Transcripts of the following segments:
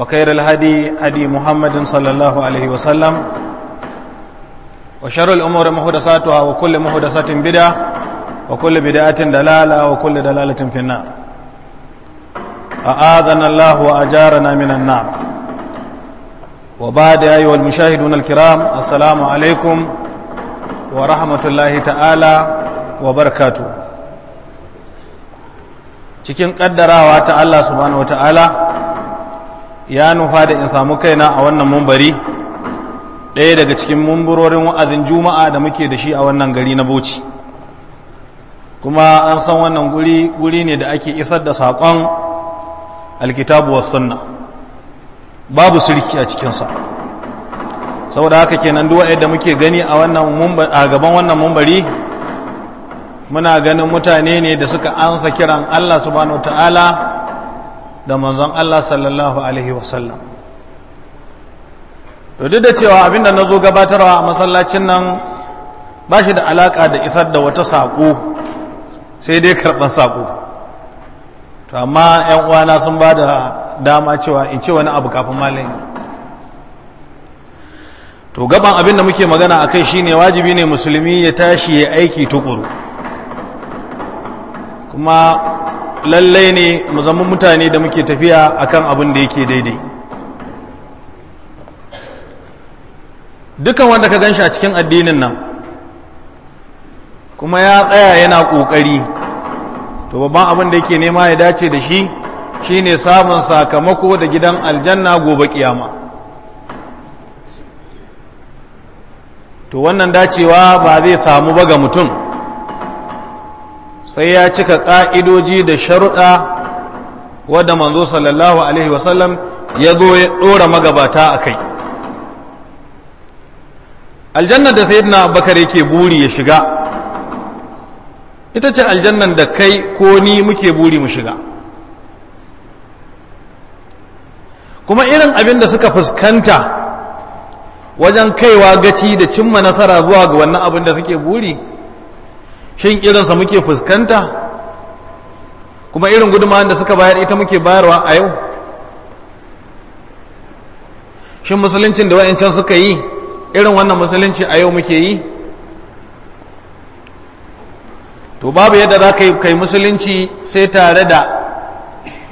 وخير الهدي هدي محمد صلى الله عليه وسلم وشر الأمور محدثاتها وكل محدثة بدعة وكل بدعة دلالة وكل دلالة في النار أعاذنا الله وأجارنا من النار وبعد أيها المشاهدون الكرام السلام عليكم ورحمة الله تعالى وبركاته cikin kaddarawa ta Allah subhanahu wa ta'ala ya nufa da in samu kaina a wannan mumbari ɗaya daga cikin mumburorin wa'azin juma'a da muke da shi a wannan gari na boci. kuma an san wannan guri guri ne da ake isar da saƙon alkitabu wa sunna babu sulki a cikinsa saboda haka kenan duwa yadda muke gani a gaban wannan mumbari muna ganin mutane ne da suka ansa kiran allah subhanahu wa ta'ala da manzon Allah sallallahu alaihi wasallam to duk da cewa abinda na zo gabatarwa a masallacin nan ba shi da alaka da isar da wata sako sai dai karɓar sako to amma 'yan uwana sun ba da dama cewa in ce wani abu kafin malayin to gaban abin da muke magana a kai shine wajibi ne musulmi ya tashi ya aiki tukuru kuma lallai ne mu zama mutane da muke tafiya akan abin da yake daidai dukan wanda ka gan shi a cikin addinin nan kuma ya tsaya yana ƙoƙari to babban abin da yake nema ya dace da shi shi ne samun sakamako da gidan aljanna gobe kiyama to wannan dacewa ba zai samu ba ga mutum sai ya cika ƙa'idoji da sharuɗa wadda manzo sallallahu alaihi wasallam ya zo ya ɗora magabata a kai Aljannan da saidina Bakar yake buri ya shiga ita ce aljannan da kai ko ni muke buri mu shiga kuma irin abin da suka fuskanta wajen kaiwa gaci da cimma nasara zuwa ga wannan abin da suke buri shin irinsa muke fuskanta kuma irin gudunmawar da suka bayar ita muke bayarwa a yau shin musuluncin da wa'ancan suka yi irin wannan musulunci a yau muke yi to babu yadda za ka yi kai musulunci sai tare da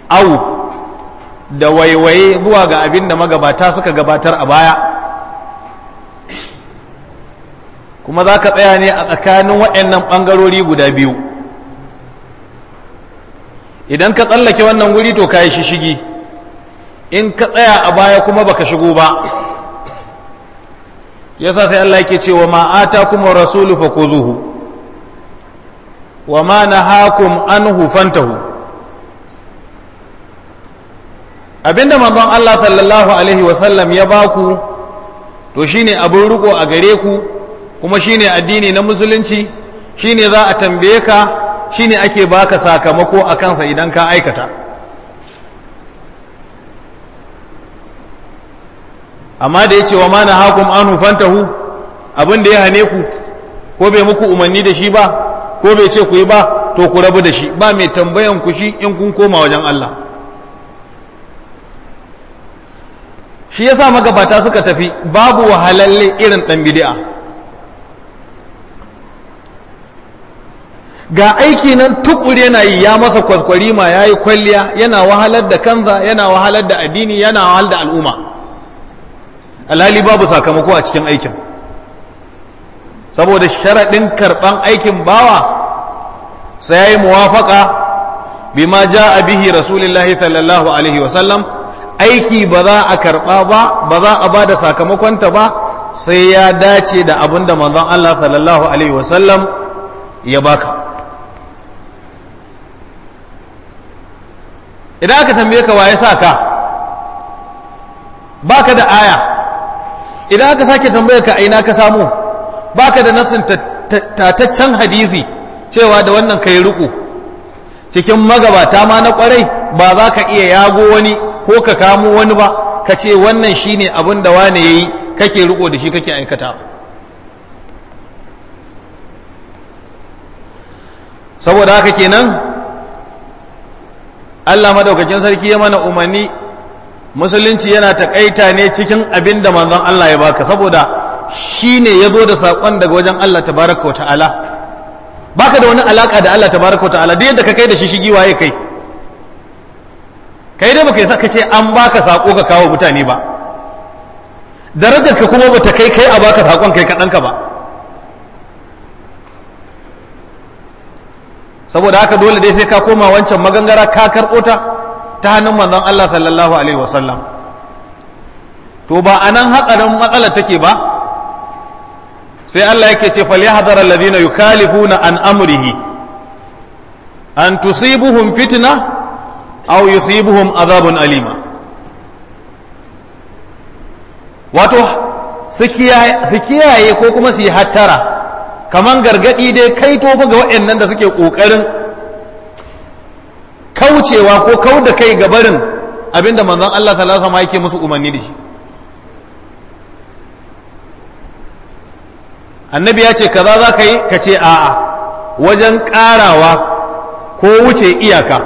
au da waiwaye zuwa ga abin da magabata suka gabatar a baya kuma za ka tsaya ne a tsakanin waɗannan ɓangarori guda biyu idan ka tsallake wannan guri to ka yi shishigi in ka tsaya a baya kuma baka shigo ba yasa sai Allah yake cewa ma'ata kuma rasulu zuhu. wa ma nahakum an hufantahu. abinda manzon Allah sallallahu alaihi wasallam ya baku to shine abin riko a gare ku kuma shine addini na musulunci shine za a tambaye ka shine ake baka sakamako a kansa idan ka aikata amma da ya ce wa mana hakun anu fantahu hu abinda ya hane ku ko bai muku umarni da shi ba ko bai ce ku yi ba to ku rabu da shi ba mai tambayan ku shi in kun koma wajen Allah shi yasa magabata suka tafi babu wahalalle irin ɗan bidi'a ga aiki nan tukuri yana yi ya masa kwaskwari ma ya yi kwalliya yana wahalar da kanza yana wahalar da addini yana wahalar da al'umma alhali babu sakamako a cikin aikin saboda sharaɗin karɓan aikin bawa sai ya yi muwafaƙa bima ja a bihi rasulillahi sallallahu alaihi wasallam aiki ba za a karɓa ba ba za a ba da sakamakonta ba sai ya dace da abin da manzon Allah sallallahu alaihi wasallam ya baka idan aka tambaye ka waye sa ka baka da aya idan aka sake tambaye ka aina ka samu baka da nasin tataccen hadisi cewa da wannan kai riƙo cikin magabata ma na kwarai ba za ka iya yago wani ko ka kamo wani ba ka ce wannan shine abin da wane yayi kake riko da shi kake aikata saboda haka kenan Allah madaukakin sarki ya mana umarni musulunci yana takaita ne cikin abin da manzon Allah ya baka saboda shine ya zo da saƙon daga wajen Allah tabaraka wa ta'ala baka da wani alaka da Allah tabaraka wa ta'ala duk yadda ka kai da shi shigi waye kai kai dai baka yasa saka ce an baka saƙo ka kawo mutane ba darajar ka kuma bata kai kai a baka saƙon kai kaɗan ka ba saboda haka dole dai sai ka koma wancan magangara ka karɓo ta ta hannun manzon Allah sallallahu alaihi wasallam to ba anan hatsarin matsalar take ba sai Allah yake ce falyahdhar alladhina yukalifuna an amrihi an tusibuhum fitna aw yusibuhum adhabun alima wato su kiyaye ko kuma su yi hattara kaman gargadi dai kai tofa ga waɗannan da suke ƙoƙarin kaucewa ko kau da kai ga barin abinda manzon Allah sallallahu alaihi yake musu umarni da shi annabi ya ce kaza za ka yi ka ce a'a wajen ƙarawa ko wuce iyaka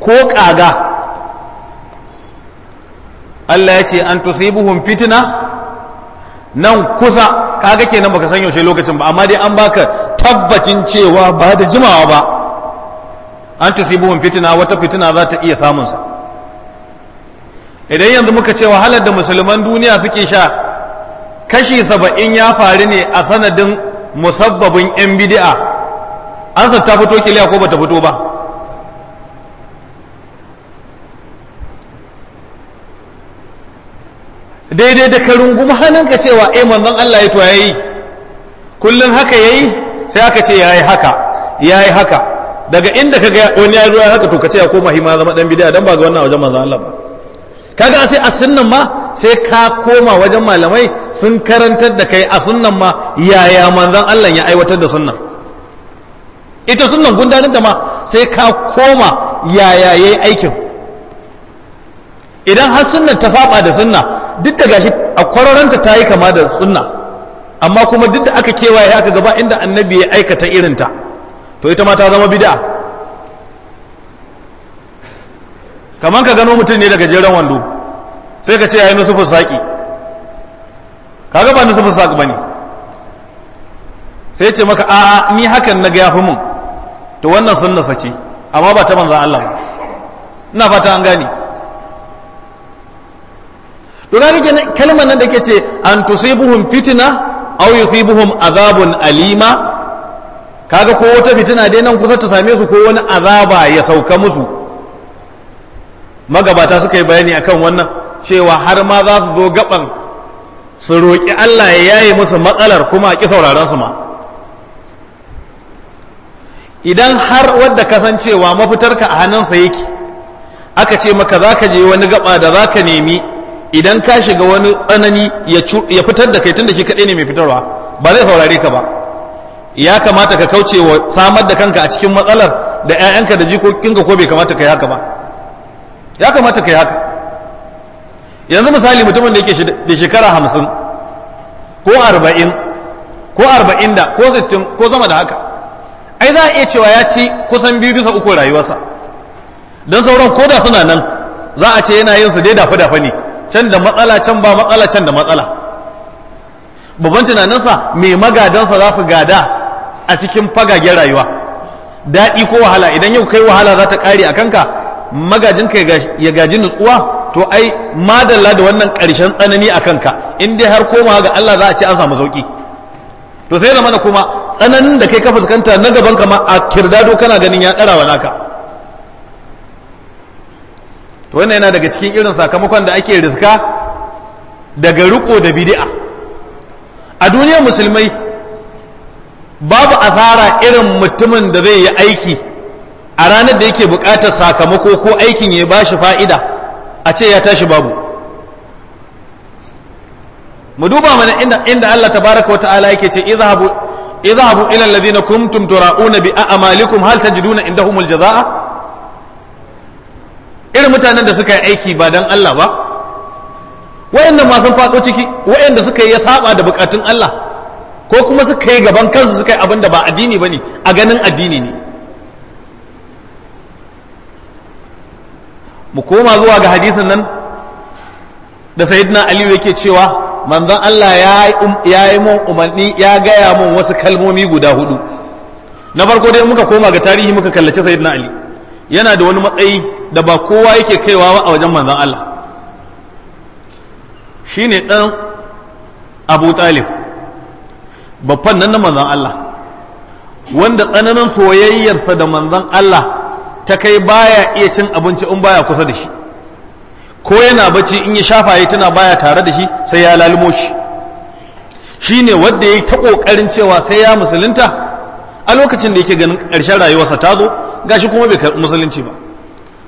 ko ƙaga Allah ya ce an tusibuhum fitina. nan kusa kaga kenan baka san yaushe lokacin ba amma dai an baka tabbacin cewa ba da jimawa ba an tusibuhum fitina wata fitina za ta iya samun sa idan yanzu muka ce wahalar da musulman duniya suke sha kashi saba'in ya faru ne a sanadin musabbabin yan bidi'a an ta fito kiliya ko bata fito ba daidai da ka rungumi ka cewa eh manzon Allah ya to yayi kullun haka yayi sai aka ce yayi haka yayi haka daga inda ka ga wani ya ruwa haka to ka ce ya koma hima zama dan bid'a dan ba ga wannan wajen manzon Allah ba kaga sai a sunnan ma sai ka koma wajen malamai sun karantar da kai a sunnan ma yaya manzon Allah ya aiwatar da sunnan ita sunnan gundarin ta ma sai ka koma yaya yayi aikin idan har sunnan ta saba da sunna duk da gashi a kwararanta ta yi kama da sunna amma kuma duk da aka kewaye aka gaba inda annabi ya aikata irinta to ita ma ta zama bid'a kamar ka gano mutum ne daga jeren wando sai ka ce ya yi nusufin saƙi kaga ba nusufin saƙi ba ne sai ce maka a'a ni hakan na ga yafi mun to wannan sunna sace amma ba ta manzan Allah ba ina fata an gane to ga nake kalmar nan da ke ce an fitina, fitna aw yusibuhum azabun alima kaga ko wata fitina dai nan kusa ta same su ko wani azaba ya sauka musu magabata suka yi bayani akan wannan cewa har ma za su zo gaban su roƙi Allah ya yaye musu matsalar kuma a ƙi sauraron su ma idan har wadda kasancewa mafitarka a hannunsa yake aka ce maka za ka je wani gaba da za ka nemi idan ka shiga wani tsanani ya fitar da kai tun da shi kaɗai ne mai fitarwa ba zai saurare ka ba ya kamata ka kauce wa samar da kanka a cikin matsalar da 'ya'yanka da jikokinka ko bai kamata ka yi haka ba ya kamata ka yi haka yanzu misali mutumin da yake da shekara hamsin ko arba'in ko arba'in da ko sittin ko sama da haka ai za a iya cewa ya ci kusan biyu bisa uku rayuwarsa don sauran ko da suna nan za a ce yana yin su dai dafa-dafa ne can da matsala can ba matsala can da matsala babban tunaninsa mai magadansa za su gada a cikin fagagen rayuwa daɗi ko wahala idan yau kai wahala za ta ƙare a kanka magajinka ya gaji nutsuwa to ai madalla da wannan ƙarshen tsanani a kanka in dai har koma ga Allah za a ce an samu sauƙi to sai da kuma tsananin da kai ka fuskanta na gaban kama a kirdado kana ganin ya ɗara wa naka to wannan yana daga cikin irin sakamakon da ake riska daga riko da bidi'a a duniyar musulmai babu asara irin mutumin da zai yi aiki a ranar da yake buƙatar sakamako ko aikin ya bashi fa'ida a ce ya tashi babu mu duba mana inda inda Allah tabaraka wata'ala yake ce izhabu izhabu ila alladhina kuntum tura'una bi a'malikum hal tajiduna indahumul jazaa'a irin mutanen da suka yi aiki ba don Allah ba wayannan ma faɗo ciki wayanda suka yi ya saba da bukatun Allah ko kuma suka yi gaban kansu suka yi abin da ba addini ba ne a ganin addini ne mu koma zuwa ga hadisin nan da sayyidina Ali yake cewa manzon Allah um, ya yi mun umarni ya gaya mun wasu kalmomi guda hudu na farko dai muka koma ga tarihi muka kallace sayyidina Ali yana da wani matsayi da ba kowa yake kaiwa ba a wajen manzan Allah shine ɗan Abu Talib babban nan na manzan Allah wanda tsananin soyayyarsa da manzan Allah ta kai baya iya cin abinci in baya kusa da shi ko yana bacci in ya shafa ya tana baya tare da shi sai ya lalmo shi shine ya yi ta kokarin cewa sai ya musulunta a lokacin da yake ganin ƙarshen rayuwarsa ta zo gashi kuma bai musulunci ba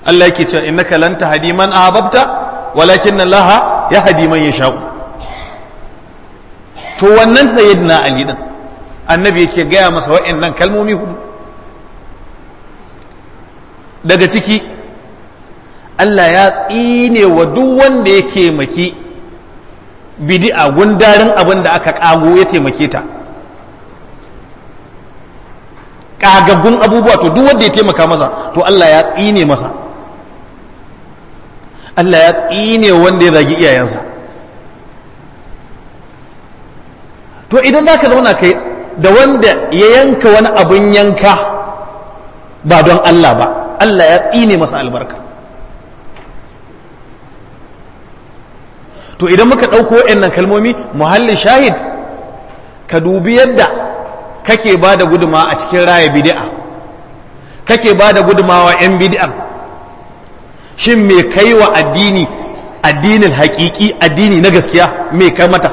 Allah yake cewa innaka lan tahdi man ahbabta walakin Allah ya hadi man yasha to wannan sayyidina Ali din annabi yake gaya masa wa'annan kalmomi hudu daga ciki Allah ya tsine wa duk wanda ya taimaki bidi'a gundarin abin da aka kago ya taimake ta kagaggun abubuwa to duk wanda ya taimaka masa to Allah ya tsine masa Allah ya tsine wanda ya zagi iyayensa to idan za ka zauna kai da wanda ya yanka wani abin yanka ba don Allah ba Allah ya tsine masa albarka to idan muka ɗauko waɗannan kalmomi muhallin shahid ka dubi yadda kake ba da guduma a cikin raya bidi'a kake ba da gudumawa 'yan bidi'ar shin me kai wa addini addinin hakiki addini na gaskiya me kai mata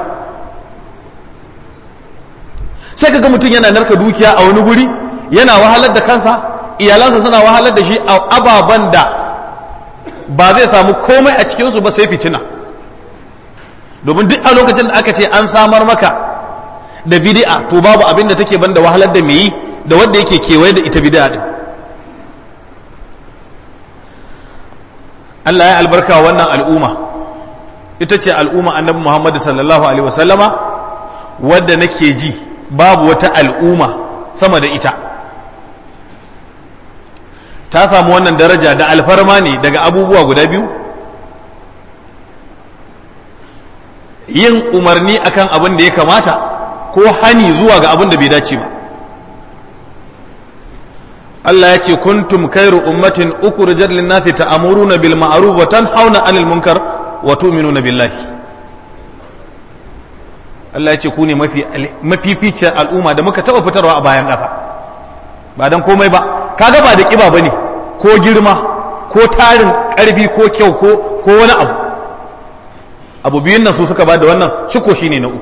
sai kaga mutum yana narka dukiya a wani guri yana wahalar da kansa iyalansa suna wahalar da shi a ababen da ba zai samu komai a cikinsu ba sai fitina domin duk a lokacin da aka ce an samar maka da bidi'a to babu abin da take banda wahalar da mai yi da wanda yake kewaye da ita bidi'a din Allah ya albarka wannan al'umma ita ce al'umma annabi Muhammad sallallahu alaihi wasallama wadda nake ji babu wata al'umma sama da ita ta samu wannan daraja da alfarma ne daga abubuwa guda biyu yin umarni akan abin da ya kamata ko hani zuwa ga abin da bai dace ba Allah ya ce kuntum kairu ummatin ukhrijat lin-nasi ta'muruna bil ma'ruf wa hauna 'anil munkar wa na billahi Allah ya ce ku ne mafi mafificiyar al'umma da muka taba fitarwa a bayan ƙasa ba don komai ba kaga ba da kiba bane ko girma ko tarin ƙarfi ko kyau ko wani abu abu biyun nan su suka ba da wannan ciko shine na uku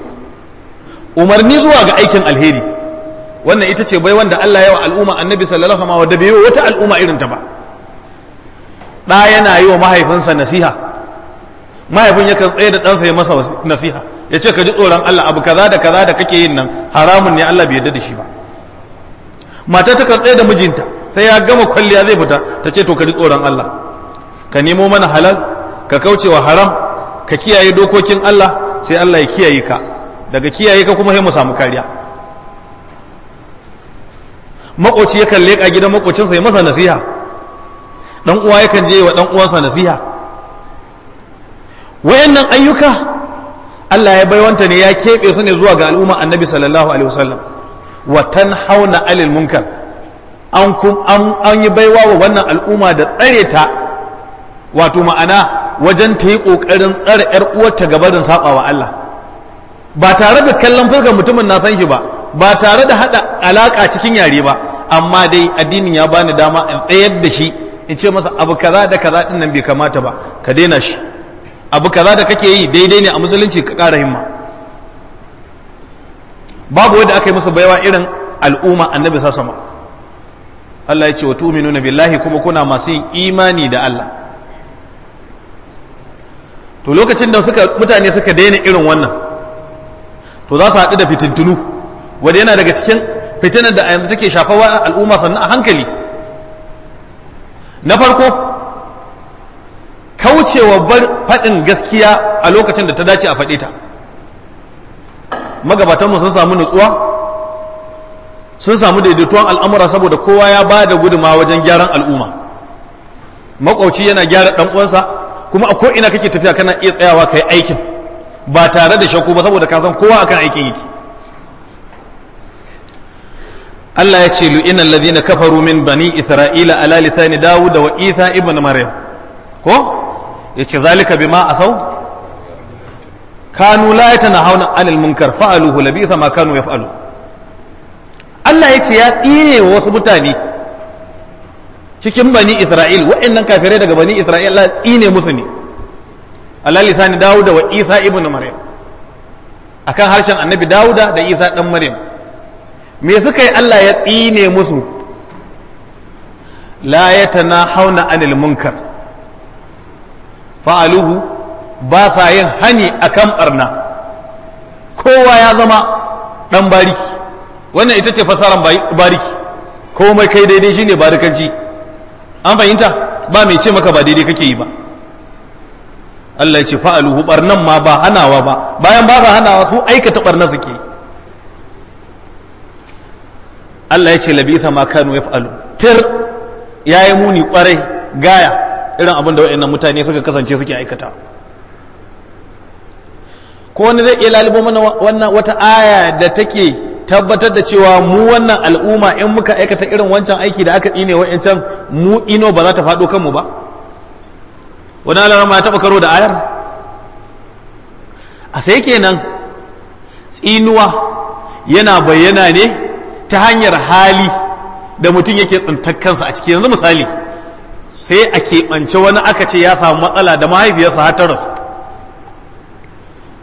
umarni zuwa ga aikin alheri wannan ita ce bai wanda Allah yawa al'umma annabi sallallahu alaihi wasallam da bai wata al'umma irin ta ba da yana yi wa mahaifinsa nasiha mahaifin yakan tsaye da ɗansa ya masa nasiha ya ce ka ji tsoron Allah abu kaza da kaza da kake yin nan haramun ne Allah bai yarda da shi ba mata ta kan tsaye da mijinta sai ya gama kwalliya zai fita ta ce to ka ji tsoron Allah ka nemo mana halal ka kauce wa haram ka kiyaye dokokin Allah sai Allah ya kiyaye ka daga kiyaye ka kuma sai mu samu kariya makoci yakan leƙa gidan makocinsa ya masa nasiha dan uwa yakan je wa dan uwansa nasiha wayannan ayyuka Allah ya baiwanta ne ya keɓe su ne zuwa ga al'umma annabi sallallahu alaihi wasallam wa tanhauna 'anil munkar an an yi baiwa wa wannan al'umma da tsare ta wato ma'ana wajen ta yi ƙoƙarin tsare 'yar uwarta gabarin saɓa wa Allah ba tare da kallon fuskar mutumin na san shi ba ba tare da hada alaka cikin yare ba amma dai addinin ya bani dama in tsayar da shi in ce masa abu kaza da kaza din nan bai kamata ba ka daina shi abu kaza da kake yi daidai ne a musulunci ka kara himma babu wanda aka yi masa baiwa irin al'umma annabi sa sama Allah ya ce wa tu'minuna billahi kuma kuna masu yin imani da Allah to lokacin da suka mutane suka daina irin wannan to za su haɗu da fitintunu wanda yana daga cikin fitinar da a yanzu take shafawa al'umma sannan a hankali na farko kaucewa bar faɗin gaskiya a lokacin da ta dace a faɗe ta magabatanmu sun samu nutsuwa sun samu daidaituwan al'amura saboda kowa ya ba da guduma wajen gyaran al'umma makwauci yana gyara ɗan uwansa kuma a ko'ina kake tafiya kana iya tsayawa ka aikin ba tare da shakku ba saboda ka san kowa akan aikin yake Allah ya ce lu'ina alladhina kafaru min bani isra'ila ala lisani dawud wa isa ibn maryam ko yace zalika bima asaw kanu la yatanahawna anil munkar fa'aluhu labisa ma kanu yaf'alu Allah ya ce ya tsine wasu mutane cikin bani isra'il wa'annan kafirai daga bani isra'il Allah tsine musu ne ala lisani dawud wa isa ibn maryam akan harshen annabi dawuda da isa dan maryam me suka yi Allah ya tsine musu la ya na hauna anil munkar fa'aluhu ba sa yin hani a kan barna kowa ya zama ɗan bariki wannan ita ce fasaran bariki komai kai daidai shine barikanci an fahimta ba mai ce maka ba daidai kake yi ba Allah ya ce fa'aluhu barnan ma ba hanawa ba bayan ba ba hanawa su aikata barna suke yi Allah ya ce labisa ma kanu fa’alu tir yi muni kwarai gaya irin abin da waɗannan mutane suka kasance suke aikata ko wani zai iya lalibo mana wannan wata aya da take tabbatar da cewa mu wannan al'umma in muka aikata irin wancan aiki da aka tsine wa'ancan mu ino ba za ta faɗo kanmu ba wani alarama ya taɓa karo da ayar a sai kenan tsinuwa yana bayyana ne ta hanyar hali da mutum yake tsintar kansa a ciki yanzu misali sai a keɓance wani aka ce ya samu matsala da mahaifiyarsa har ta rasu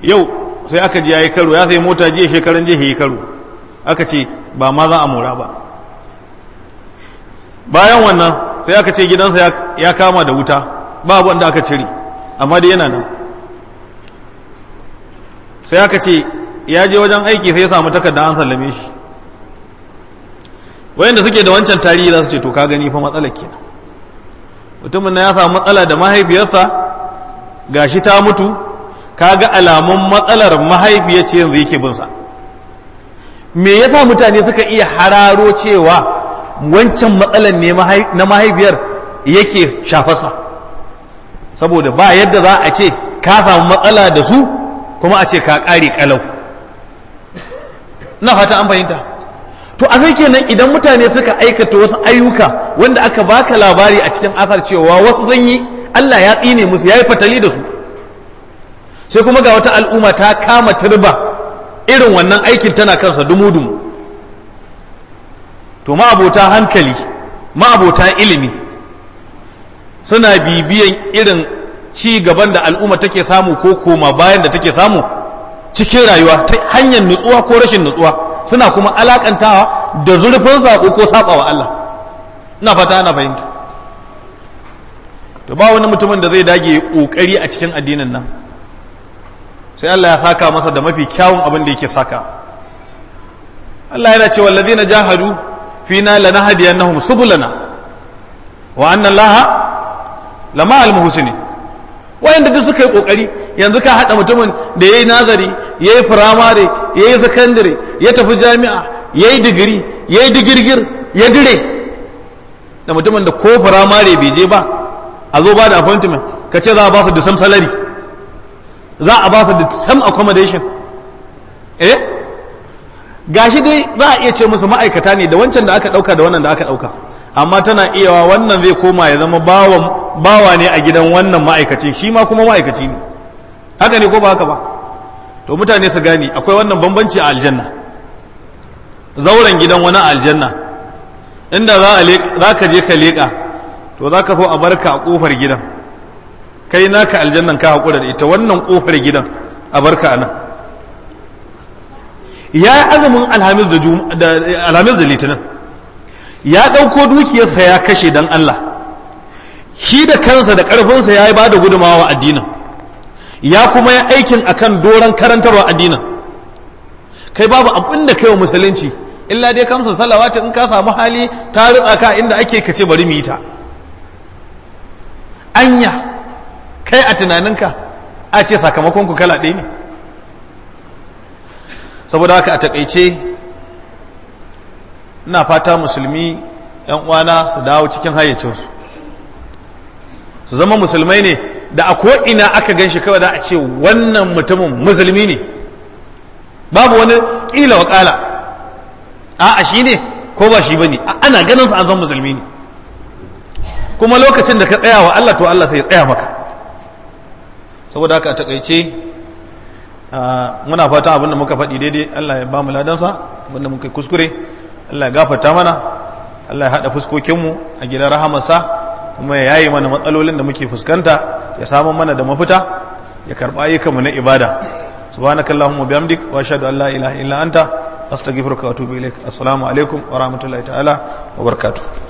yau sai aka ji ya yi karo ya sai mota jiya shekaran jiya yi karo aka ce ba ma za a mora ba bayan wannan sai aka ce gidansa ya kama da wuta ba abu da aka cire amma dai yana nan sai aka ce ya je wajen aiki sai ya samu takarda an sallame shi wayanda suke da wancan tarihi za su ce to ka gani fa matsala kenan mutumin na ya samu matsala da mahaifiyarsa gashi ta mutu ka ga alamun matsalar mahaifiyar ce yanzu yake binsa me yasa mutane suka iya hararo cewa wancan matsalar ne na mahaifiyar yake shafarsa saboda ba yadda za a ce ka samu matsala da su kuma a ce ka ƙari kalau. na fata an fahimta to a kenan idan mutane suka aikata wasu ayyuka wanda aka baka labari a cikin asar cewa wasu zan yi Allah ya tsine musu ya yi fatali da su sai kuma ga wata al'umma ta kama turba irin wannan aikin tana kansa dumu-dumu to ma'abota hankali ma'abota ilimi suna bibiyan irin ci gaban da al'umma take samu ko koma bayan da take samu cikin rayuwa ta hanyar nutsuwa ko rashin nutsuwa suna kuma alakantawa da zurfin sako ko sabawa Allah ina fata ana fahimta to ba wani mutumin da zai dage kokari a cikin addinin nan sai Allah ya saka masa da mafi kyawun abin da yake saka Allah yana cewa na jahadu fina lanahdiyannahum subulana wa anna allaha lama al wayanda duk suka yi kokari yanzu ka hada mutumin da yayi nazari yayi primary yayi secondary ya tafi jami'a yayi digiri yayi digirgir ya dire da mutumin da ko primary bai je ba a zo ba da appointment ka ce za a ba su da salary za a ba su da accommodation eh gashi dai za a iya ce musu ma'aikata ne da wancan da aka dauka da wannan da aka dauka amma tana iya wa wannan zai koma ya zama bawa ne a gidan wannan ma'aikacin shi ma kuma ma'aikaci ne haka ne ko ba haka ba to mutane su gane akwai wannan bambanci a aljanna zauren gidan wani aljanna inda za ka je ka leƙa to za ka so a barka a ƙofar gidan kai naka aljannan ka haƙura da ita wannan ƙofar gidan a barka a nan ya azumin alhamis da litinin ya ɗauko dukiyarsa ya kashe don Allah shi da kansa da ƙarfinsa ya yi ba da gudumawa addinin ya kuma ya aikin akan doron karantarwa addinin kai babu abin da kai wa musulunci illa dai kamsa ta in ka samu hali ta rutsa ka inda ake kace bari mu yi ta anya kai a tunaninka a ce sakamakon ku kala ɗaya ne saboda haka a takaice ina fata musulmi yan uwana su dawo cikin hayyacinsu su zama musulmai ne da a ko'ina aka gan shi kawai da a ce wannan mutumin musulmi ne babu wani ƙila wa ƙala a shi ne ko ba shi ba ne ana ganin su an zan musulmi ne kuma lokacin da ka tsaya wa Allah to Allah sai ya tsaya maka saboda haka a takaice muna fata abinda muka faɗi daidai Allah ya ba mu ladansa abinda muka kuskure Allah ya gafarta mana Allah ya haɗa fuskokinmu a gidan rahamarsa kuma ya yayi mana matsalolin da muke fuskanta ya samu mana da mafita ya karɓa ayyukanmu na ibada subhanakallahumma bihamdik wa ashhadu an la ilaha illa anta astaghfiruka wa atubu ilaik assalamu alaikum wa rahmatullahi ta'ala wa barakatuh